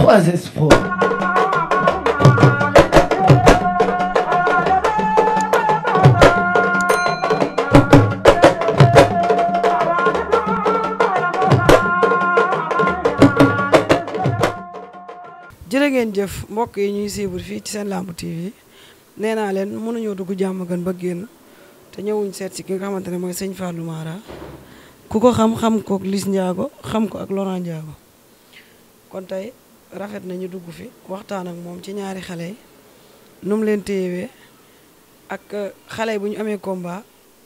trois espoirs. ngeen jëf mbokk yi ñuy suivre fii ci seen lamb TV nee naa leen mënuñoo dugg jàmm gën ba génn te ñëwuñ seet si ki nga xamante ne mooy sëñ Fallou Mara ku ko xam xam ko ak Liss xam ko ak Laurent Ndiago kon tey rafet nañu dugg fi waxtaan ak moom ci ñaari xale yi nu mu leen téyewee ak euh, xale yi bu ñu amee combat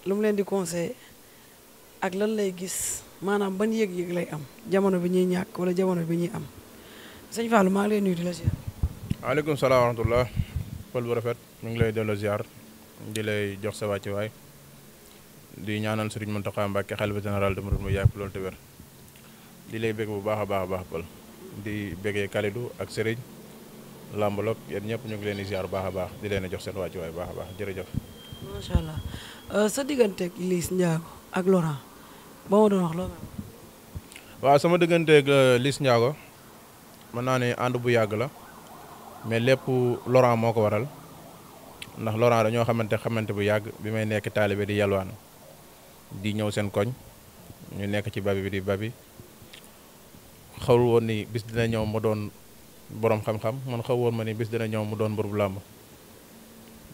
lu mu leen di conseillé ak lan lay gis maanaam ban yëg-yëg lay am jamono bi ñuy ñàkk wala jamono bi ñuy am sëñ Fallou maa leen lay nuyu di la ziar. waaleykum salaam wa rahmatulah pël bu rafet ñu ngi lay delloo ziar di lay jox sa waay di ñaanal Serigne Mountakha Mbacké xalifa général de Mouride mu yàgg loolu te wér di lay bég bu baax a baax a baax pël. di bëggee Kalidou ak Serigne Lambalok yéen ñëpp ñu ngi leen di ziar bu baax a baax di leen jox seen wàccuwaay bu baax a baax macha allah euh, sa digganteeg Liss Ndiago ak Laurent ba ma doon wax loolu. waaw sama digganteeg euh, Liss Ndiago mën naa ne ànd bu yàgg la mais lépp Laurent moo ko waral ndax loraan Laurent ñoo xamante xamante bu yàgg bi may nekk taalibe di yalwaan di ñëw seen koñ ñu nekk ci babi bi di babi. xawul woon ni bis dina ñëw mu doon borom xam-xam man xaw woon ma ni bis dina ñëw mu doon mbër bu làmb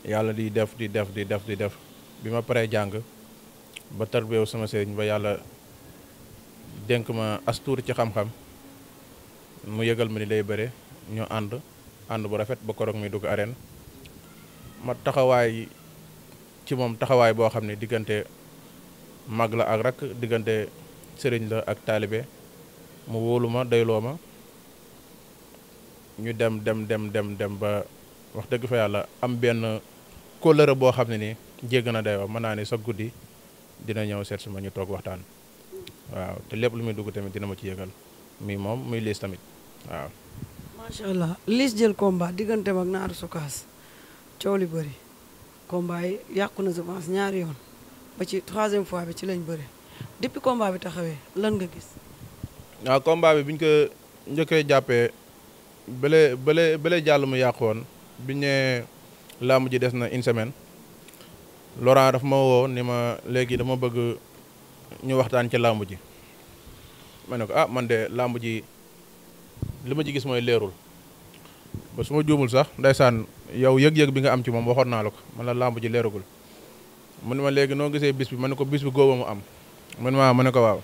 yàlla di def di def di def di def bi ma paree jàng ba tarbeew sama sëriñ ba yàlla dénk ma astuur ci xam-xam mu yëgal ma ni day bëre ñu ànd ànd bu rafet ba koroog mi dugg arène ma taxawaay ci moom taxawaay boo xam ne diggante mag la ak rakk diggante sëriñ la ak taalibe mu wóolu ma dayloo ma ñu dem dem dem dem dem ba wax dëgg fa yàlla am benn kóllëre boo xam ne ni jégg na dayoo mën naa ne sa guddi dina ñëw seet si ma ñu toog waxtaan waaw te lépp lu muy dugg tamit dina ma ci yëgal muy moom muy liis tamit waaw. macha allah liis jël combat diggante ak naaru sukaas coow li bëri combat yi yàqu na semence ñaari yoon ba ci troisième fois bi ci lañ bëri depuis combat bi taxawee lan nga gis. waaw combat bi biñ ko njëkkee jàppee bële bële jàll mu yàqoon biñ ne làmb ji des na une semaine Laurent daf ma woo ni ma léegi dama bëgg ñu waxtaan ci làmb ji ma ne ko ah man de làmb ji li ma ci gis mooy leerul ba suma ma juumul sax ndeysaan yow yëg-yëg bi nga am ci moom waxoon naa la ko man la làmb ji leeragul mu ne ma léegi noo gisee bis bi ma ne ko bis bi góoba mu am man maa ma ne ko waaw.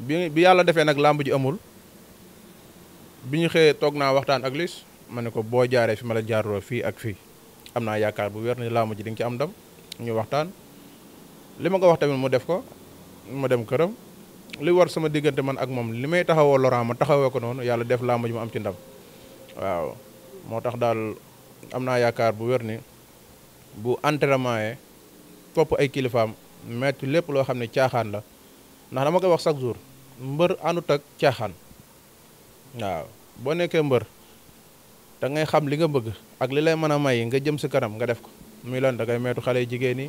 bi bi yàlla defee nag làmb ji amul bi ñu xëyee toog naa waxtaan ak lis ma ne ko boo jaaree fi ma la jaaroo fii ak fii am naa yaakaar bu wér ne làmb ji di nga ci am ndam ñu waxtaan li ma ko wax tamit mu def ko ma dem këram li war sama diggante man ak moom li may taxawoo Laurent ma taxawee ko noonu yàlla def làmb ji ma am ci ndam waaw moo tax daal am naa yaakaar bu wér ni bu entraînement yee topp ay kilifaam metti lépp loo xam ne caaxaan la ndax dama koy wax chaque jour mbër àndut ak caaxaan waaw boo nekkee mbër da ngay xam li nga bëgg ak li lay mën a may nga jëm si kanam nga def ko muy lan da ngay meetu xale jigéen yi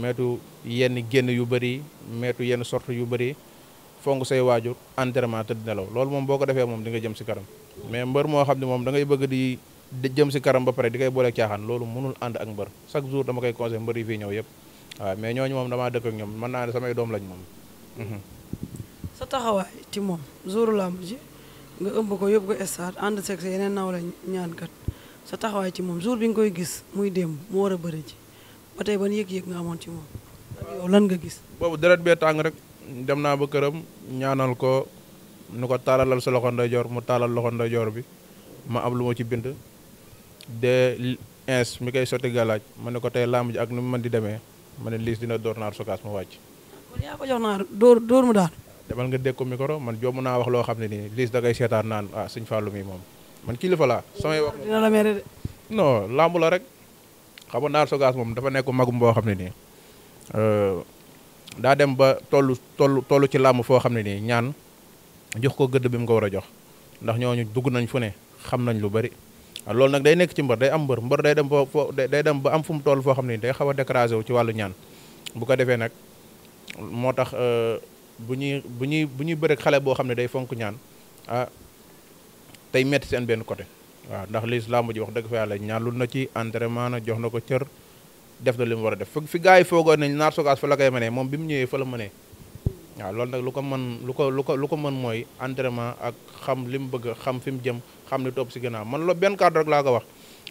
meetu yenn génn yu bëri meetu yenn sorte yu bëri fonk say waajur entraînement tëdd nelaw loolu moom boo ko defee moom di nga jëm si kanam mais mbër moo xam ne moom dangay bëgg di jëm si kanam ba pare di koy boole caaxaan loolu mënul ànd ak mbër chaque jour dama koy conseil mbër yi fii ñëw yëpp waaw mais ñooñu moom damaa dëkk ñoom mën naa ne samay doom lañ moom mhm. taxawaay ci moom jouru làmb ji nga ëmb ko yóbbu ko stade ànd seeg yeneen naw ñaan kat sa taxawaay ci moom jour bi nga koy gis muy démb mu war a bëri ji ba tey ban yëg-yëg nga amoon ci lan nga gis boobu deret bee tàng rek dem naa ba këram ñaanal ko nu ko taalalal sa loxo ndeyjoor mu taalal loxo ndeyjoor bi ma am lu ma ci bind de ins mi koy sotti galaaj ma ne ko tey làmb ji ak nu mu mën di demee ma ne liis dina door naar sokaas mu wàcc kon yaa ko jox naar dóor mu daal demal nga dégg ko micro man jomb naa wax loo xam ne nii liis da ngay seetaan naan ah sëñ Fallou mi moom man kilifa laa samay wax dina la mere de non la rek xam nga naar sogaas moom dafa nekk magum boo xam ne nii euh, dem ba tollu tollu tollu ci làmb foo xam ne nii ñaan jox ko gëdd bi ko war a jox ndax ñooñu dugg nañ fu ne xam nañ lu bari waaw ah, loolu nag day nekk ci mbër day am mbër mbër day dem ba foo day dem ba am fu mu toll foo xam ne day xaw a décrasé wu ci wàllu ñaan bu ko defee nag moo tax euh, bu ñuy bu ñuy bu ñuy bëreeg xale boo xam ne day fonk ñaan ah tey metti seen benn côté waaw ndax li laa ji wax dëgg fa yàlla ñaanul na ci entraînement na jox na ko cër def na li mu war a def fi gars yi foogoon nañ naar sogaas fa la koy mënee moom bi mu ñëwee fa la mënee loolu nag lu ko mën lu ko lu ko lu ko mën mooy entraînement ak xam li mu bëgg xam fi mu jëm xam ne topp si ginnaaw man loo benn kàddu rek laa ko wax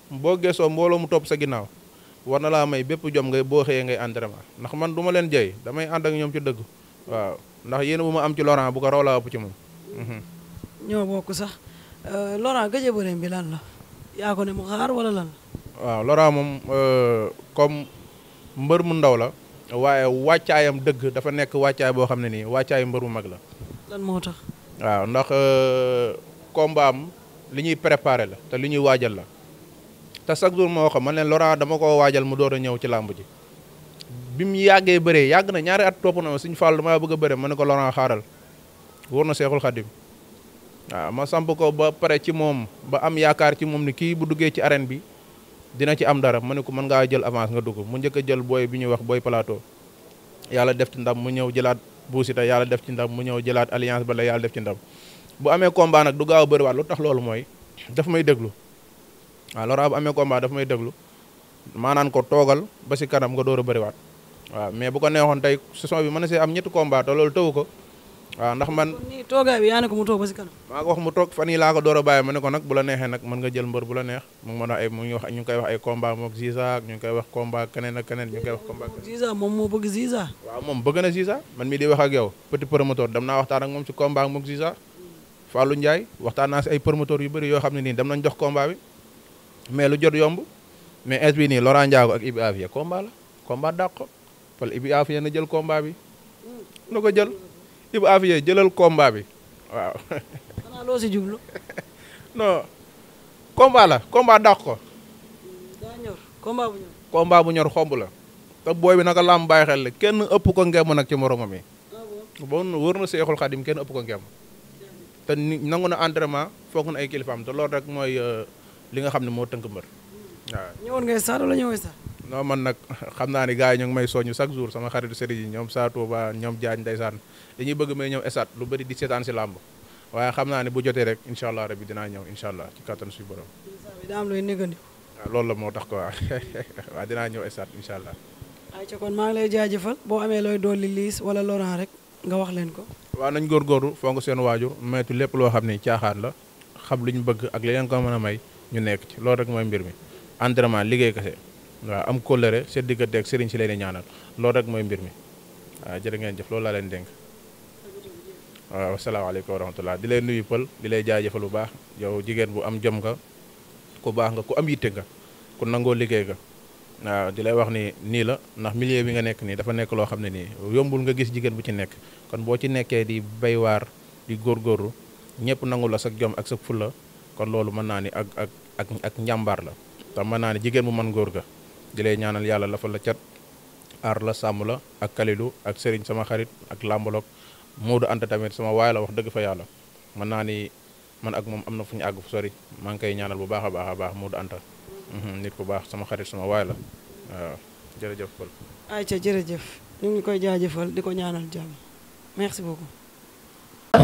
boo gesoo mbooloo mu topp sa ginnaaw war na laa may bépp jom ngay boo xëyee ngay entraînement ndax man du ma leen jëy damay ànd ak ñoom ci dëgg waaw ndax yéen bu ma am ci Laurent bu ko raw laa ëpp ci moom. Mhm. ñoo bokk sax euh, Laurent gëj bëreem bi lan la yaa ko ne mu xaar wala lan la. waaw Laurent moom euh, comme mbër mu ndaw la. waaye wàccaayam dëgg dafa nekk wàccaay boo xam ne nii wàccaayu mbër mu mag la. lan moo tax. waaw ndax combat euh, am li ñuy préparé la te lu ñuy waajal la te chaque jour moo xam man ne loraan dama ko waajal mu door a ñëw ci làmb ji. bi mu yàggee bëree yàgg na ñaari at topp na ma suñu fàllu maa bëgg a bëre ma ko Laurent xaaral wóor na Seexul Xadim ma samp ko ba pare ci moom ba am yaakaar ci moom ni kii bu duggee ci arène bi dina ci am dara mu ne ko mën ngaa jël avance nga dugg mu njëkk a jël booy bi ñuy wax booy plateau yàlla def ci ndam mu ñëw jëlaat buusita yàlla def ci ndam mu ñëw jëlaat alliance ba la yàlla def ci ndam bu amee combat nag du gaaw a lu tax loolu mooy daf may déglu waaw Laurent bu amee combat daf may déglu maanaan ko toogal ba si kanam nga door a bëriwaat waaw mais bu ko neexoon tey saison bi mën na see am ñetti combat te loolu taw ko waaw ndax man. nii toogaay yaa ne ko wax mu toog fan yii laa ko door a bàyyi ma ne ko nag bu la neexee nag mën nga jël mbër bu neex a ay wax ñu ngi koy wax moom ak Ziza ak ñu ngi koy wax combat keneen ak moo bëgg na Ziza man mii di wax ak yow petit promoteur dem naa waxtaan ak moom ci combat moom Ziza Fallou Ndiaye waxtaan naa si ay promoteur yu bëri yoo xam ni nii dem nañ jox combat bi mais lu jot yomb mais es bi nii Laurent ak Ibi Avia combat la combat dàq jàppal Ibu Afia na jël combat bi na ko jël Ibu Afia jëlal combat waaw. xanaa loo si ko. daa ñor bu ñor. xomb la. te booy bi naka laam bàyyi xel la kenn ëpp ko ngeem nag ci moromam yi. Ah bon wër na seexul xadim kenn ëpp ko ngeem. te nangu na entraînement foog na ay kilifaam te loolu rek mooy euh, li nga xam ne moo tënk non man nag xam naa ni gars yi ñu ngi may soññu chaque jour sama xaritu sëriñ yi ñoom saa Touba ñoom Diagne ndeysaan dañuy bëgg may ñëw esat lu bari di seetaan si làmb waaye xam naa ne bu jotee rek incha allah rabbi dinaa ñëw incha allah ci kattan suñu borom. am looy négandiku. Ah, loolu la moo tax quoi waaw dinaa ñëw esat incha allah. ayca kon maa ngi boo amee looy dolli liis wala Laurent rek nga wax leen ko. waaw nañ góorgóorlu fonk seen waajur moytu lépp loo xam ni caaxaan la xam lu ñu bëgg ak li leen mën a may ñu nekk ci loolu rek mooy mbir mi entraînement liggéey kese waaw am kóllëre seen diggante ak sëriñ si leen ñaanal loolu rek mooy mbir mi waaw jërë ngeen jëf loolu laa leen dénk waaw asalaamaaleykum wa rahmatulah di lay nuyu pël di lay jaajëfal bu baax yow jigéen bu am jom nga ku baax nga ku am yitte nga ku nangoo liggéey nga waaw di lay wax ni nii la ndax milieu bi nga nekk nii dafa nekk loo xam ne nii yombul nga gis jigéen bu ci nekk kon boo ci nekkee di bay waar di góorgóorlu ñëpp nangu la sa jom ak sa fulla kon loolu mën naa ni ak ak ak njàmbaar la te mën naa ni jigéen bu mën góor ga di lay ñaanal yàlla la fa la cat aar la sàmm la ak Kalidou ak Serigne sama xarit ak Lambalogue Modou Anta tamit sama waay la wax dëgg fa yàlla mën naa ni man ak moom am na fu ñu àgg fu sori maa ngi koy ñaanal bu baax a baax a baax Modou Anta mhm, nit ku baax sama xarit sama waay la waaw jërëjëf Paul. ayca jërëjëf ñu ngi koy jaajëfal di ko ñaanal jàmm merci beaucoup.